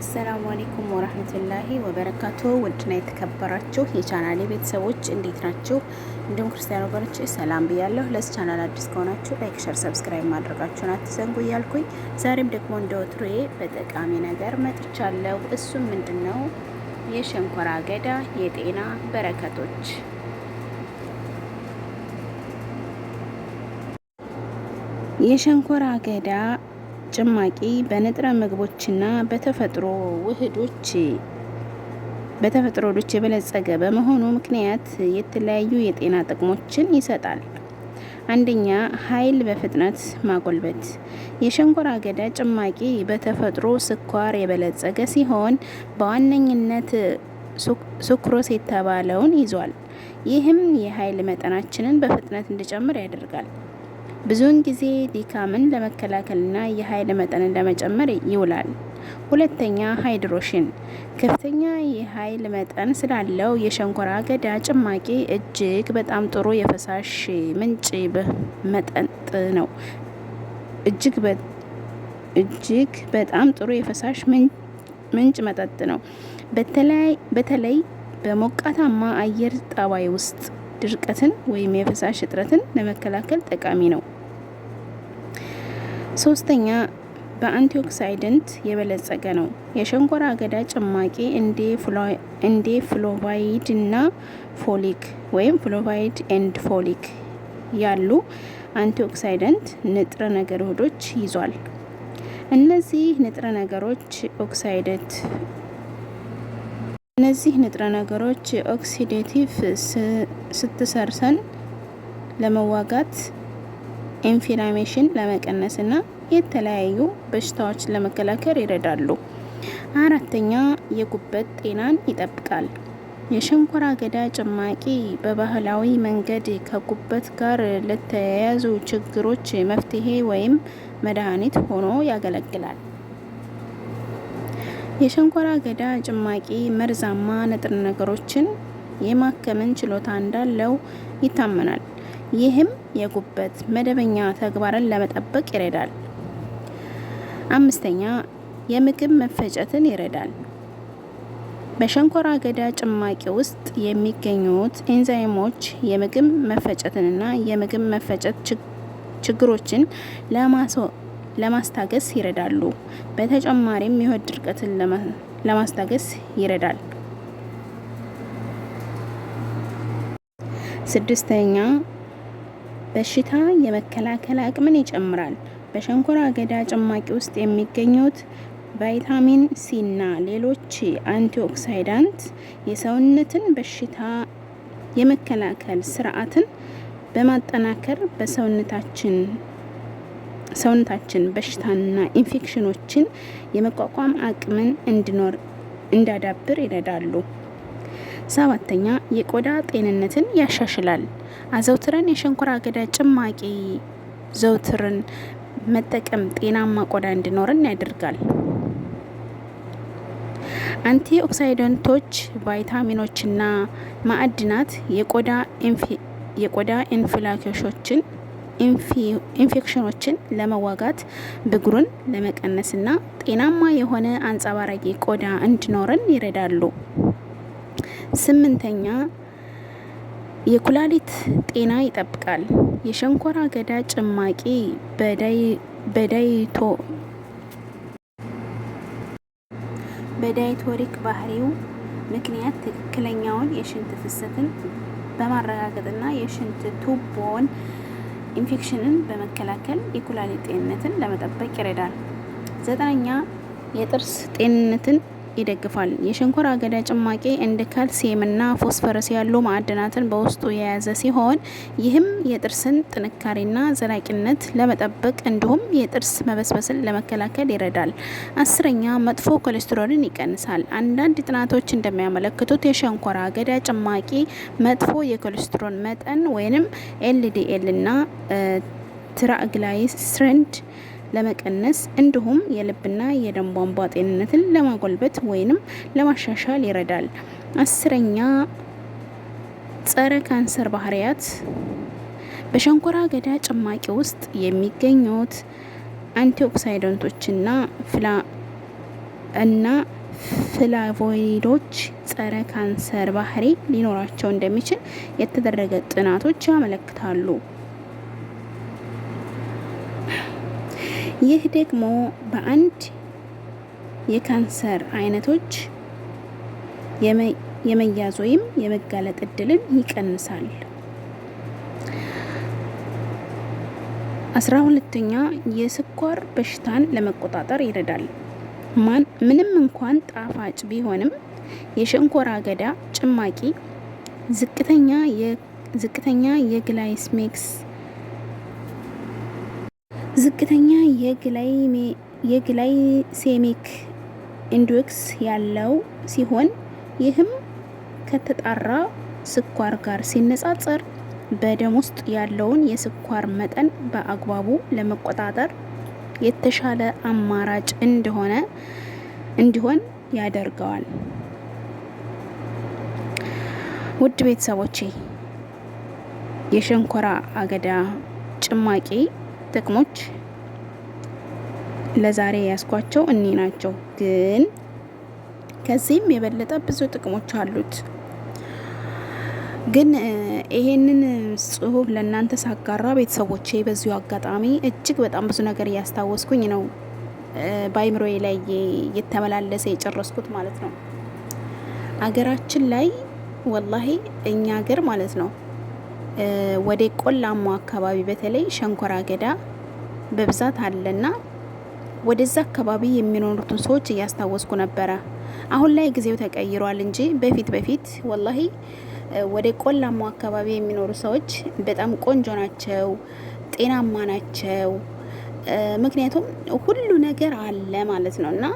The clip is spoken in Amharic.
አሰላሙ አሌይኩም ወራህመቱላሂ ወበረካቱ። ውድና የተከበራችሁ የቻናሌ ቤተሰቦች እንዴት ናችሁ? እንዲሁም ክርስቲያን ወገኖች ሰላም ብያለሁ። ለዚህ ቻናል አዲስ ከሆናችሁ ላይክ፣ ሸር፣ ሰብስክራይብ ማድረጋችሁን አትዘንጉ እያልኩኝ ዛሬም ደግሞ እንደ ወትሮዬ በጠቃሚ ነገር መጥቻለሁ። እሱም ምንድን ነው? የሸንኮራ አገዳ የጤና በረከቶች የሸንኮራ አገዳ ጭማቂ በንጥረ ምግቦችና በተፈጥሮ ውህዶች በተፈጥሮ ውህዶች የበለጸገ በመሆኑ ምክንያት የተለያዩ የጤና ጥቅሞችን ይሰጣል። አንደኛ፣ ኃይል በፍጥነት ማጎልበት። የሸንኮራ አገዳ ጭማቂ በተፈጥሮ ስኳር የበለጸገ ሲሆን በዋነኝነት ሱክሮስ የተባለውን ይዟል። ይህም የኃይል መጠናችንን በፍጥነት እንዲጨምር ያደርጋል። ብዙውን ጊዜ ዲካምን ለመከላከልና የኃይል መጠንን ለመጨመር ይውላል። ሁለተኛ ሃይድሮሽን ከፍተኛ የኃይል መጠን ስላለው የሸንኮራ አገዳ ጭማቂ እጅግ በጣም ጥሩ የፈሳሽ ምንጭ መጠጥ ነው። እጅግ በጣም ጥሩ የፈሳሽ ምንጭ መጠጥ ነው። በተለይ በሞቃታማ አየር ጠባይ ውስጥ ድርቀትን ወይም የፈሳሽ እጥረትን ለመከላከል ጠቃሚ ነው። ሶስተኛ በአንቲኦክሳይደንት የበለጸገ ነው። የሸንኮራ አገዳ ጭማቂ እንዴ ፍሎቫይድ እና ፎሊክ ወይም ፍሎቫይድ ኤንድ ፎሊክ ያሉ አንቲኦክሳይደንት ንጥረ ነገር ውህዶች ይዟል። እነዚህ ንጥረ ነገሮች ኦክሳይደት እነዚህ ንጥረ ነገሮች ኦክሲዴቲቭ ስትሰርሰን ለመዋጋት ኢንፍላሜሽን ለመቀነስ እና የተለያዩ በሽታዎችን ለመከላከል ይረዳሉ። አራተኛ የጉበት ጤናን ይጠብቃል። የሸንኮራ አገዳ ጭማቂ በባህላዊ መንገድ ከጉበት ጋር ለተያያዙ ችግሮች መፍትሄ ወይም መድኃኒት ሆኖ ያገለግላል። የሸንኮራ አገዳ ጭማቂ መርዛማ ንጥረ ነገሮችን የማከምን ችሎታ እንዳለው ይታመናል። ይህም የጉበት መደበኛ ተግባርን ለመጠበቅ ይረዳል። አምስተኛ የምግብ መፈጨትን ይረዳል። በሸንኮራ አገዳ ጭማቂ ውስጥ የሚገኙት ኤንዛይሞች የምግብ መፈጨትንና የምግብ መፈጨት ችግሮችን ለማስታገስ ይረዳሉ። በተጨማሪም የሆድ ድርቀትን ለማስታገስ ይረዳል። ስድስተኛ በሽታ የመከላከል አቅምን ይጨምራል። በሸንኮራ አገዳ ጭማቂ ውስጥ የሚገኙት ቫይታሚን ሲ እና ሌሎች አንቲኦክሳይዳንት የሰውነትን በሽታ የመከላከል ስርዓትን በማጠናከር በሰውነታችን ሰውነታችን በሽታና ኢንፌክሽኖችን የመቋቋም አቅምን እንዲኖር እንዳዳብር ይረዳሉ። ሰባተኛ የቆዳ ጤንነትን ያሻሽላል። አዘውትረን የሸንኮራ አገዳ ጭማቂ ዘውትርን መጠቀም ጤናማ ቆዳ እንዲኖረን ያደርጋል። አንቲ ኦክሳይደንቶች፣ ቫይታሚኖችና ማዕድናት የቆዳ ኢንፍላኬሾችን ኢንፌክሽኖችን ለመዋጋት ብጉርን ለመቀነስና ጤናማ የሆነ አንጸባራቂ ቆዳ እንዲኖረን ይረዳሉ። ስምንተኛ የኩላሊት ጤና ይጠብቃል። የሸንኮራ አገዳ ጭማቂ በዳይቶ በዳይቶሪክ ባህሪው ምክንያት ትክክለኛውን የሽንት ፍሰትን በማረጋገጥና የሽንት ቱቦን ኢንፌክሽንን በመከላከል የኩላሊት ጤንነትን ለመጠበቅ ይረዳል። ዘጠነኛ የጥርስ ጤንነትን ይደግፋል። የሸንኮራ አገዳ ጭማቂ እንደ ካልሲየም ና ፎስፈረስ ያሉ ማዕድናትን በውስጡ የያዘ ሲሆን ይህም የጥርስን ጥንካሬና ዘላቂነት ለመጠበቅ እንዲሁም የጥርስ መበስበስን ለመከላከል ይረዳል። አስረኛ መጥፎ ኮሌስትሮልን ይቀንሳል። አንዳንድ ጥናቶች እንደሚያመለክቱት የሸንኮራ አገዳ ጭማቂ መጥፎ የኮሌስትሮል መጠን ወይንም ኤልዲኤል እና ስረንድ ለመቀነስ እንዲሁም የልብና የደም ቧንቧ ጤንነትን ለማጎልበት ወይንም ለማሻሻል ይረዳል። አስረኛ ጸረ ካንሰር ባህሪያት በሸንኮራ አገዳ ጭማቂ ውስጥ የሚገኙት አንቲኦክሳይደንቶችና ፍላ እና ፍላቮይዶች ጸረ ካንሰር ባህሪ ሊኖራቸው እንደሚችል የተደረገ ጥናቶች ያመለክታሉ። ይህ ደግሞ በአንድ የካንሰር አይነቶች የመያዝ ወይም የመጋለጥ እድልን ይቀንሳል። አስራ ሁለተኛ የስኳር በሽታን ለመቆጣጠር ይረዳል። ምንም እንኳን ጣፋጭ ቢሆንም የሸንኮራ አገዳ ጭማቂ ዝቅተኛ የግላይስሜክስ ዝቅተኛ የግላይሴሚክ ኢንዱክስ ያለው ሲሆን ይህም ከተጣራ ስኳር ጋር ሲነጻጸር በደም ውስጥ ያለውን የስኳር መጠን በአግባቡ ለመቆጣጠር የተሻለ አማራጭ እንደሆነ እንዲሆን ያደርገዋል። ውድ ቤተሰቦቼ የሸንኮራ አገዳ ጭማቂ ጥቅሞች ለዛሬ ያስኳቸው እኔ ናቸው፣ ግን ከዚህም የበለጠ ብዙ ጥቅሞች አሉት። ግን ይሄንን ጽሁፍ ለእናንተ ሳጋራ ቤተሰቦቼ በዚሁ አጋጣሚ እጅግ በጣም ብዙ ነገር እያስታወስኩኝ ነው። በአይምሮዬ ላይ የተመላለሰ የጨረስኩት ማለት ነው። አገራችን ላይ ወላሂ እኛ ሀገር ማለት ነው ወደ ቆላማው አካባቢ በተለይ ሸንኮራ አገዳ በብዛት አለና ወደዛ አካባቢ የሚኖሩትን ሰዎች እያስታወስኩ ነበረ። አሁን ላይ ጊዜው ተቀይሯል እንጂ በፊት በፊት ወላሂ ወደ ቆላማው አካባቢ የሚኖሩ ሰዎች በጣም ቆንጆ ናቸው፣ ጤናማ ናቸው። ምክንያቱም ሁሉ ነገር አለ ማለት ነው እና